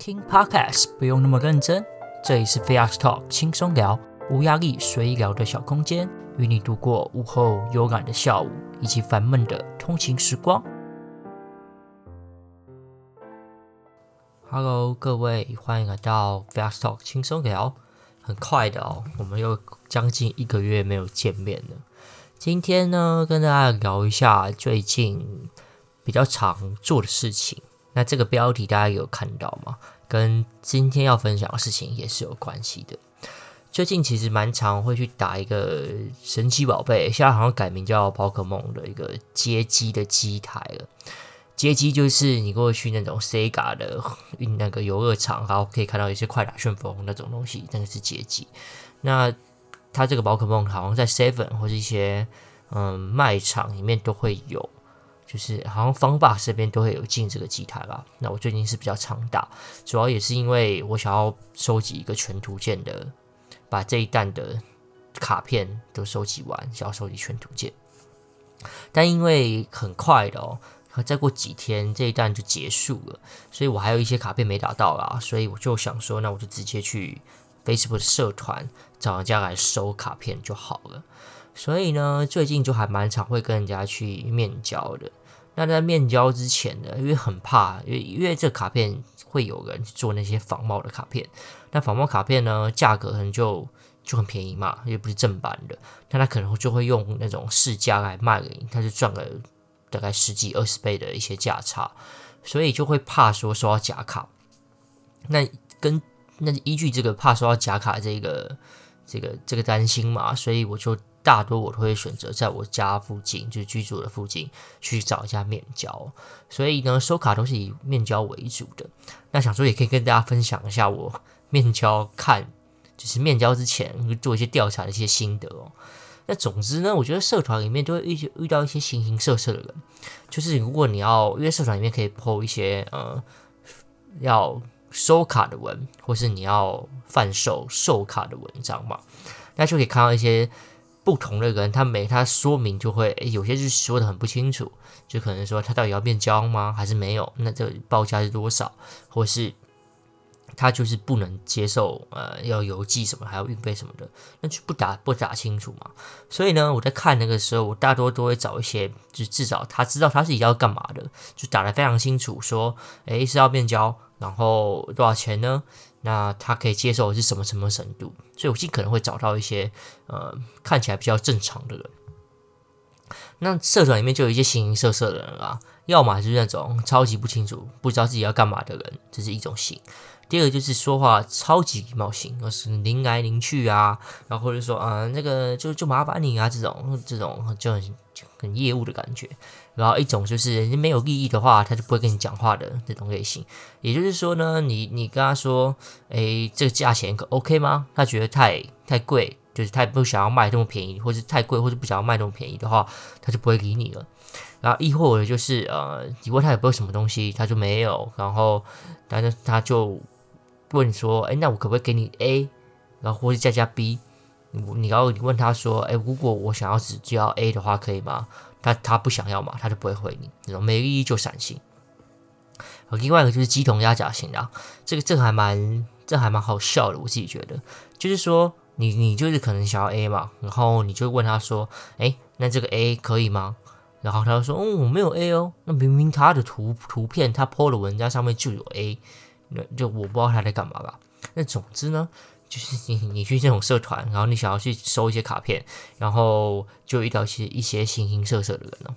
聽 Podcast 不用那麼認真，這裡是 Fast Talk 輕鬆聊，無壓力隨意聊的小空間，與你度過午後悠然的下午，以及煩悶的通勤時光。Hello，各位，歡迎來到 Fast Talk 輕鬆聊。很快的哦，我們又將近一個月沒有見面了。今天呢，跟大家聊一下最近比較常做的事情。那這個標題大家有看到嗎？跟今天要分享的事情也是有關係的。最近其實蠻常會去打一個神奇寶貝，現在好像改名叫寶可夢的一個街機的機台了。街機就是你過去那種 SEGA 的，那個遊樂場，然後可以看到一些快打旋風那種東西，那個是街機。那它這個寶可夢好像在 Seven 或是一些嗯賣場裡面都會有。就是好像方爸這邊都會有進這個機臺吧？那我最近是比較常打，主要也是因為我想要收集一個全圖鑑的，把這一彈的卡片都收集完，想要收集全圖鑑。但因為很快的哦，再過幾天這一彈就結束了，所以我還有一些卡片沒打到啦，所以我就想說，那我就直接去 Facebook 社團找人家來收卡片就好了。所以呢，最近就還蠻常會跟人家去面交的。那在面交之前呢，因為很怕，因為因為這卡片會有人做那些仿冒的卡片。那仿冒卡片呢，價格可能就就很便宜嘛，也不是正版的。那他可能就會用那種市價來賣給你，他就賺了大概十幾二十倍的一些價差，所以就會怕說刷假卡。那跟那依據這個怕刷假卡這個這個這個擔心嘛，所以我就。大多我都會選擇在我家附近，就是居住的附近去找一下面交，所以呢，收卡都是以面交為主的。那想說也可以跟大家分享一下我面交看，就是面交之前做一些調查的一些心得哦。那總之呢，我覺得社團裡面都會遇遇到一些形形色色的人，就是如果你要，因為社團裡面可以 PO 一些呃要收卡的文，或是你要販售售卡的文章嘛，那就可以看到一些。不同的人，他沒他說明就會，欸、有些是說的很不清楚，就可能說他到底要面交嗎？還是沒有？那這報價是多少？或是他就是不能接受，呃，要郵寄什麼，還要運費什麼的，那就不打不打清楚嘛。所以呢，我在看那個時候，我大多都會找一些，就至少他知道他是要幹嘛的，就打得非常清楚，說，誒、欸、是要面交，然後多少錢呢？那他可以接受的是什麼什麼程度？所以我盡可能會找到一些呃看起來比較正常的人。那社團裡面就有一些形形色色的人啊，要麼就是那種超級不清楚、不知道自己要幹嘛的人，這是一種型。第二就是說話超級禮貌性，就是您來您去啊，然後或者說啊、呃，那個就就麻煩你啊，這種這種就很很業務的感覺。然後一種就是人家沒有利益的話，他就不會跟你講話的這種類型。也就是說呢，你你跟他說，誒，這個價錢可 OK 嗎？他覺得太太貴，就是他不想要賣這麼便宜，或者太貴，或者不想要賣這麼便宜的話，他就不會理你了。然後亦或者就是呃，你問他有沒有什麼東西，他就沒有，然後但是他就。他就問你說，哎，那我可不可以給你 A，然後或者加加 B？你要你，你問他說，哎，如果我想要只交 A 的話，可以嗎？他他不想要嘛，他就不會回你，這種沒意義就閃性。另外一個就是雞同鴨講型的，這個這個、還蠻這個、還蠻好笑的，我自己覺得，就是說你你就是可能想要 A 嘛，然後你就問他說，哎，那這個 A 可以嗎？然後他就說，嗯，我沒有 A 哦，那明明他的圖圖片他 po 的文章上面就有 A。那就我不知道他在幹嘛吧。那總之呢，就是你你去這種社團，然後你想要去收一些卡片，然後就遇到一些一些形形色色的人呢。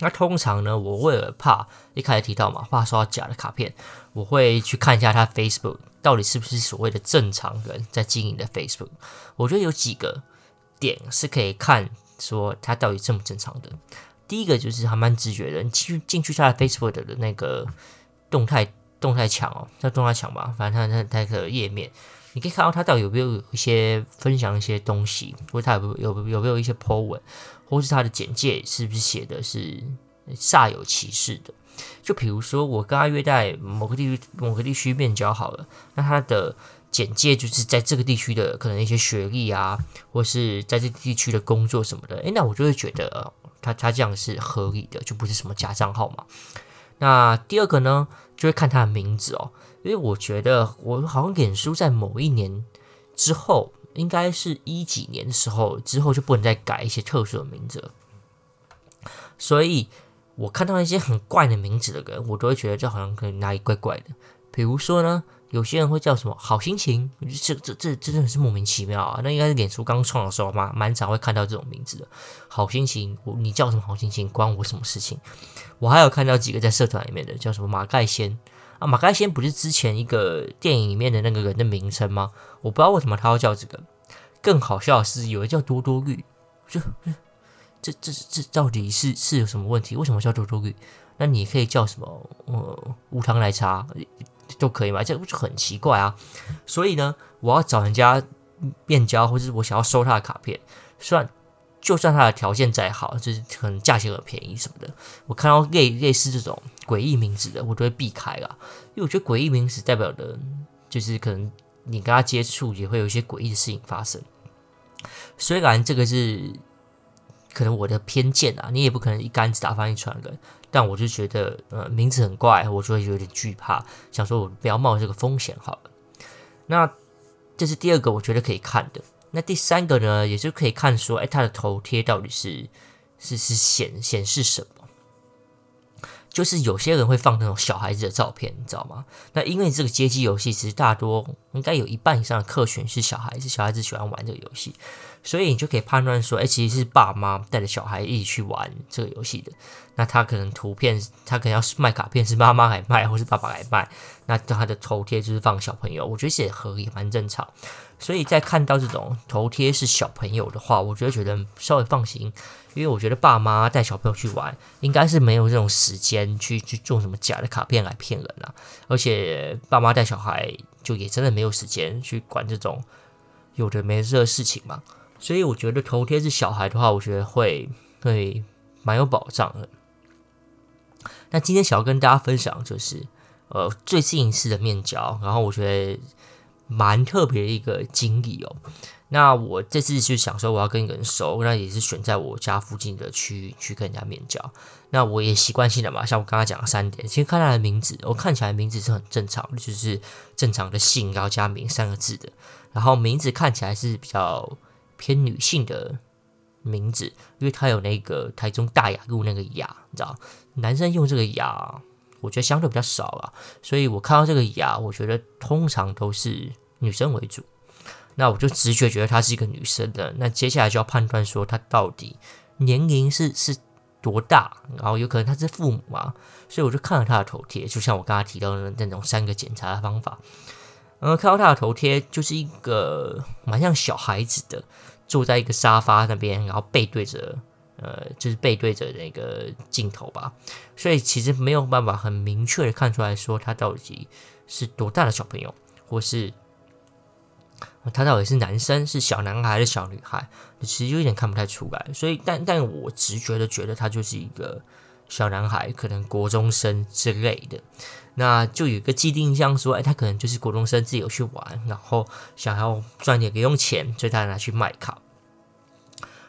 那通常呢，我為了怕一開始提到嘛，怕刷假的卡片，我會去看一下他 Facebook 到底是不是所謂的正常人在經營的 Facebook。我覺得有幾個點是可以看說他到底正不正常的。第一個就是還蠻直覺的，你去進去他的 Facebook 的那個動態。動態牆哦，叫動態牆吧，反正它他它的，的，的頁面，你可以看到它到底有沒有一些分享一些東西，或者它有有有沒有一些 po 文，或是它的簡介是不是寫的是煞有其事的？就比如說我跟他約在某個地某個地，某個地區面交好了，那他的簡介就是在這個地區的可能一些學歷啊，或是在這個地區的工作什麼的，誒，那我就會覺得他他這樣是合理的，就不是什麼假賬號嘛。那第二個呢？就會看他的名字哦，因為我覺得我好像臉書在某一年之後，應該是一幾年的時候之後就不能再改一些特殊的名字了，所以我看到一些很怪的名字的人，我都會覺得這好像可能哪裡怪怪的，比如說呢？有些人會叫什麼好心情？這這這真的是莫名其妙啊！那應該是臉書剛創的時候嘛，蠻常會看到這種名字的。好心情，我你叫什麼好心情？關我什麼事情？我還有看到幾個在社團裡面的叫什麼馬蓋先啊？馬蓋先不是之前一個電影裡面的那個人的名稱嗎？我不知道為什麼他要叫這個。更好笑的是，有人叫多多綠，就這這這，這到底是是有什麼問題？為什麼叫多多綠？那你可以叫什麼？呃，無糖奶茶。都可以嘛？這不是很奇怪啊？所以呢，我要找人家面交，或者我想要收他的卡片，算就算他的條件再好，就是可能價錢很便宜什麼的，我看到類類似這種詭異名字的，我都會避開啦，因為我覺得詭異名字代表的，就是可能你跟他接觸也會有一些詭異的事情發生。雖然這個是。可能我的偏見啊，你也不可能一竿子打翻一船人，但我就覺得，呃，名字很怪，我就會有點懼怕，想說我不要冒這個風險好了。那這是第二個，我覺得可以看的。那第三個呢，也就可以看說，哎，他的頭貼到底是是是顯顯示什麼？就是有些人會放那種小孩子的照片，你知道嗎？那因為這個街機遊戲其實大多應該有一半以上的客群是小孩子，小孩子喜歡玩這個遊戲。所以你就可以判斷說，誒、欸，其實是爸媽帶着小孩一起去玩這個遊戲的。那他可能圖片，他可能要是賣卡片，是媽媽來賣，或是爸爸來賣。那他的頭貼就是放小朋友，我覺得這也合理，也蠻正常。所以在看到這種頭貼是小朋友的話，我覺得覺得稍微放心，因為我覺得爸媽帶小朋友去玩，應該是沒有這種時間去去做什麼假的卡片來騙人啊。而且爸媽帶小孩，就也真的沒有時間去管這種有的沒的事情嘛。所以我覺得頭貼是小孩的話，我覺得會會蠻有保障的。那今天想要跟大家分享就是，呃，最近一次的面交，然後我覺得蠻特別的一個經歷哦。那我這次就想說我要跟一個人熟，那也是選在我家附近的區域去跟人家面交。那我也習慣性的嘛，像我剛剛講了三點，先看他的名字，我看起來名字是很正常的，就是正常的姓，然後加名三個字的，然後名字看起來是比較，偏女性的名字，因為她有那個台中大雅路那個雅，你知道男生用這個雅，我覺得相對比較少了，所以我看到這個雅，我覺得通常都是女生為主。那我就直覺覺得她是一個女生的，那接下來就要判斷說她到底年齡是是多大，然後有可能她是父母嘛，所以我就看了她的頭貼，就像我剛才提到的那種三個檢查的方法。然後，嗯，看到他的頭貼就是一個蠻像小孩子的，坐在一個沙發那邊，然後背對着，呃，就是背對着那個鏡頭吧。所以其實沒有辦法很明確的看出來說他到底是多大的小朋友，或是他到底是男生是小男孩還是小女孩，其實就有點看不太出來。所以，但但我直覺的覺得他就是一個。小男孩，可能國中生之類的，那就有一個既定印象說，哎、欸，他可能就是國中生，自己有去玩，然後想要賺點零用錢，所以他拿去賣卡。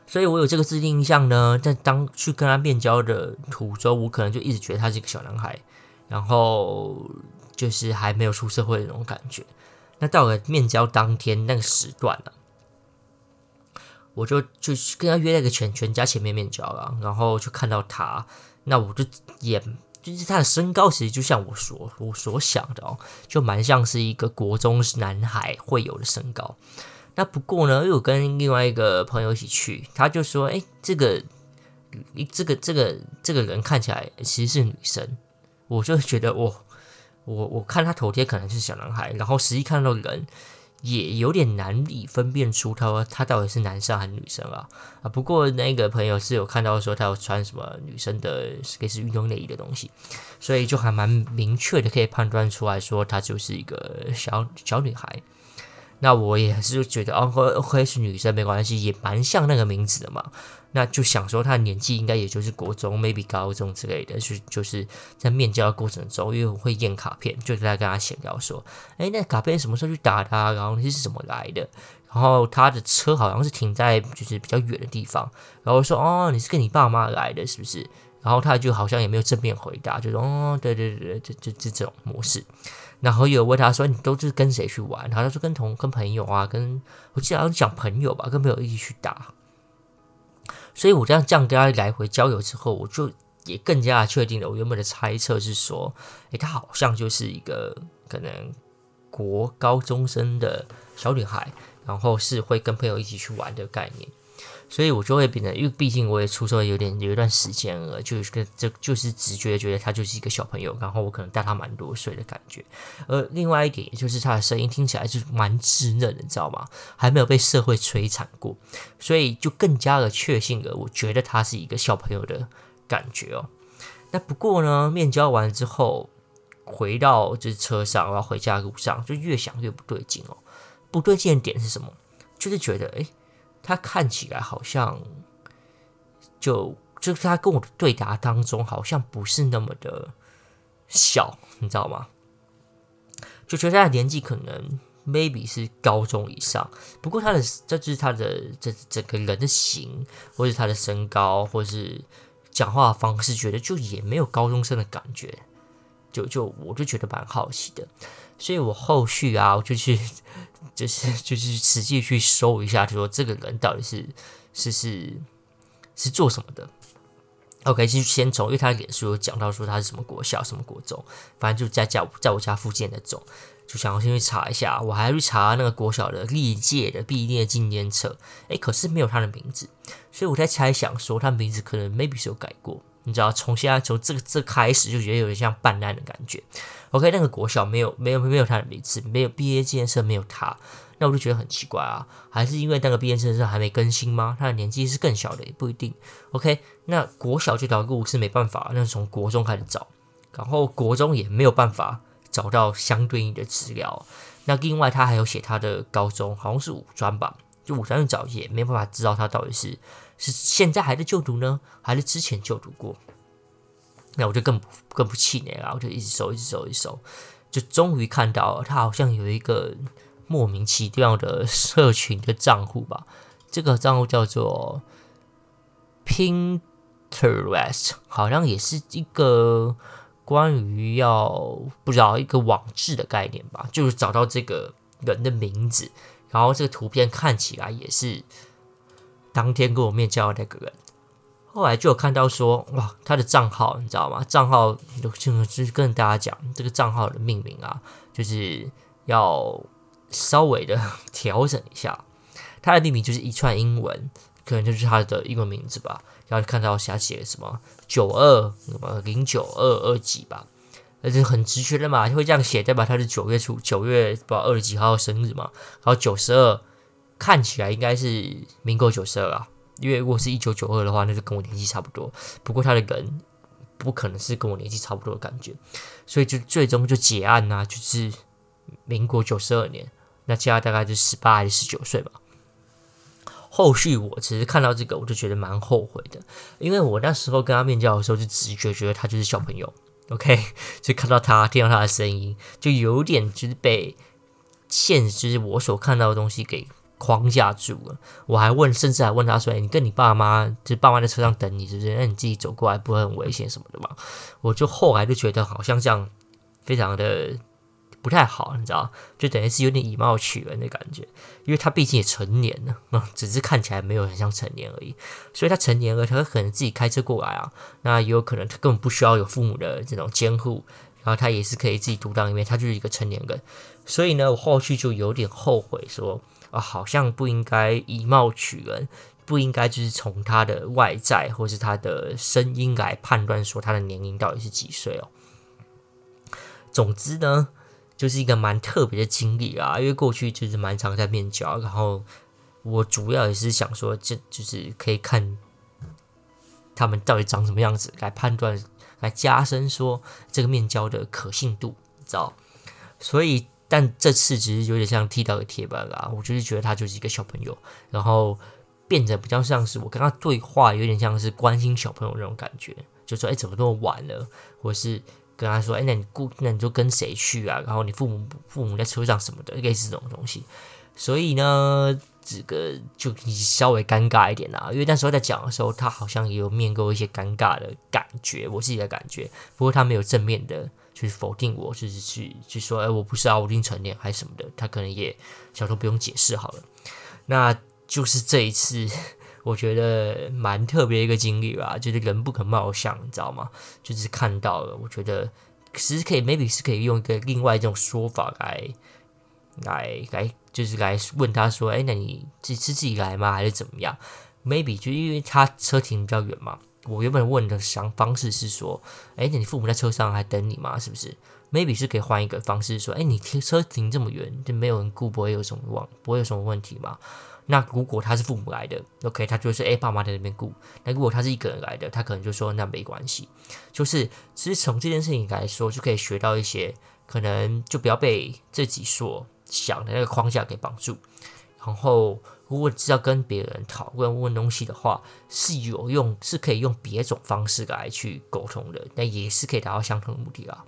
所以我有這個既定印象呢，在當去跟他面交的途中，我可能就一直覺得他是一個小男孩，然後就是還沒有出社會的那種感覺。那到了面交當天那個時段呢、啊，我就就跟他約了個全全家前面面交了，然後就看到他。那我就也，就是他的身高，其實就像我所我所想的哦，就蠻像是一個國中男孩會有的身高。那不過呢，又跟另外一個朋友一起去，他就說，哎，這個，這個，這個，這個人看起來其實是女生。我就覺得，我，哦，我，我看他頭貼可能是小男孩，然後實際看到人。也有點難以分辨出他說他到底是男生還是女生啊啊！不過那個朋友是有看到說他有穿什麼女生的，可以是運動內衣的東西，所以就還蠻明確的可以判斷出來說他就是一個小小女孩。那我也是覺得哦，會，會是女生沒關係，也蠻像那個名字的嘛。那就想說他年紀應該也就是國中，maybe 高中之類的，就就是在面交過程中，因為我會驗卡片，就在跟他閒聊說，哎、欸，那卡片什麼時候去打他，然後你是怎麼來的？然後他的車好像是停在就是比較遠的地方，然後說哦，你是跟你爸媽來的，是不是？然後他就好像也沒有正面回答，就說哦，對對對，就就,就這種模式。然後有問他說你都是跟誰去玩？然後他說跟同跟朋友啊，跟我記得好像講朋友吧，跟朋友一起去打。所以，我這樣這樣跟他來回交流之後，我就也更加確定了，我原本的猜測是說，誒，他好像就是一個可能國高中生的小女孩，然後是會跟朋友一起去玩的概念。所以，我就會變得，因為畢竟我也出售有點有一段時間了，就是跟這就是直覺覺得他就是一個小朋友，然後我可能帶他蠻多歲的感覺。而另外一點也就是他的聲音聽起來是蠻稚嫩的，你知道嗎？還沒有被社會摧殘過，所以就更加的確信了，我覺得他是一個小朋友的感覺哦。那不過呢，面交完了之後，回到就是車上，然後回家的路上就越想越不對勁哦。不對勁的點是什麼？就是覺得誒。他看起來好像就，就就是他跟我的對答當中，好像不是那麼的小，你知道嗎？就覺得他的年紀可能 maybe 是高中以上，不過他的這就是他的這整，整個人的型，或是他的身高，或是講話的方式，覺得就也沒有高中生的感覺。就就我就覺得蠻好奇的，所以我後續啊，我就去，就是就是實際去搜一下，就說這個人到底是是是是做什麼的。OK，就先從因為他的臉書有講到說他是什麼國小什麼國中，反正就在在我在我家附近的中，就想要先去查一下。我還要去查那個國小的歷屆的畢業紀念冊，哎、欸，可是沒有他的名字，所以我在猜想說他名字可能 maybe 有改過。你知道，從現在從這個這個開始，就覺得有點像辦案的感覺。OK，那個國小沒有沒有沒有他的名字，沒有畢業紀念冊沒有他，那我就覺得很奇怪啊，還是因為那個畢業紀念冊還沒更新嗎？他的年紀是更小的也不一定。OK，那國小這條路是沒辦法，那從國中開始找，然後國中也沒有辦法找到相對應的資料。那另外他還有寫他的高中，好像是五專吧，就五專去找也沒辦法知道他到底是。是現在還在就讀呢，還是之前就讀過？那我就更不更不氣餒了，我就一直搜，一直搜，一直搜，就終於看到他好像有一個莫名其妙的社群的賬戶吧。這個賬戶叫做 Pinterest，好像也是一個關於要，不知道一個網誌的概念吧。就是找到這個人的名字，然後這個圖片看起來也是。當天跟我面交的那個人，後來就有看到說，哇，他的賬號你知道嗎？賬號就就是跟大家講，這個賬號的命名啊，就是要稍微的調整一下。他的命名就是一串英文，可能就是他的英文名字吧。然後看到寫什麼九二什麼零九二二幾吧，而且很直覺的嘛，就會這樣寫。代表他是九月初九月不知道二十幾號生日嘛，然後九十二。看起來應該是民國九十二啊，因為如果是一九九二的話，那就跟我年紀差不多。不過他的人不可能是跟我年紀差不多的感覺，所以就最終就結案吶啊，就是民國九十二年，那加大概就十八還是十九歲吧。後續我其實看到這個，我就覺得蠻後悔的，因為我那時候跟他面交的時候，就直覺覺得他就是小朋友。OK，就看到他，聽到他的聲音，就有點就是被現實就是我所看到的東西給。框架住了，我還問，甚至還問他說：“欸、你跟你爸媽，就是、爸媽在車上等你是不是，就是你自己走過來，不會很危險什麼的嘛。我就後來就覺得好像這樣非常的不太好，你知道，就等於是有點以貌取人的感覺，因為他畢竟也成年了，只是看起來沒有很像成年而已。所以他成年了，他可能自己開車過來啊，那也有可能他根本不需要有父母的這種監護，然後他也是可以自己獨當一面，他就是一個成年人。所以呢，我後續就有點後悔說，啊、哦，好像不應該以貌取人，不應該就是從他的外在或是他的聲音來判斷說他的年齡到底是幾歲哦。總之呢，就是一個蠻特別的經歷啊，因為過去就是蠻常在面交，然後我主要也是想說就，就就是可以看他們到底長什麼樣子來判斷，來加深說這個面交的可信度，知道？所以。但這次只是有點像踢到個鐵板啊，我就是覺得他就是一個小朋友，然後變得比較像是我跟他對話，有點像是關心小朋友那種感覺，就說哎怎麼那麼晚了，或是跟他說哎那你顧那你就跟誰去啊？然後你父母父母在車上什麼的，類似這種東西，所以呢這個就稍微尷尬一點啦、啊，因為那時候在講的時候，他好像也有面過一些尷尬的感覺，我自己的感覺，不過他沒有正面的。去否定我，就是去去說，哎、欸，我不是阿武丁成年，還是什麼的。他可能也，小時候不用解釋好了。那就是這一次，我覺得蠻特別一個經歷吧，就是人不可貌相，你知道嗎？就是看到了，我覺得其實可以，maybe 是可以用一個另外一種說法來，來，來，就是來問他說，哎、欸，那你自是自己來嗎？還是怎麼樣？Maybe 就因為他車停比較遠嘛。我原本問的想方式是說，哎，你父母在車上還等你嗎？是不是？Maybe 是可以換一個方式說，哎，你車停這麼遠，就沒有人顧，不會有什麼問，不會有什麼問題嗎？那如果他是父母來的，OK，他就是哎，爸媽在那邊顧。那如果他是一個人來的，他可能就說，那沒關係。就是其實從這件事情來說，就可以學到一些，可能就不要被自己所想的那個框架給綁住，然後。如果知道跟別人討論問，問東西的話，是有用，是可以用別種方式來去溝通的，但也是可以達到相同的目的啊。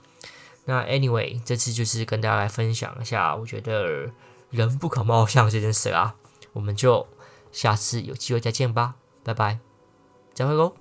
那 Anyway，這次就是跟大家來分享一下，我覺得人不可貌相這件事啊。我們就下次有機會再見吧，拜拜，再會嘍。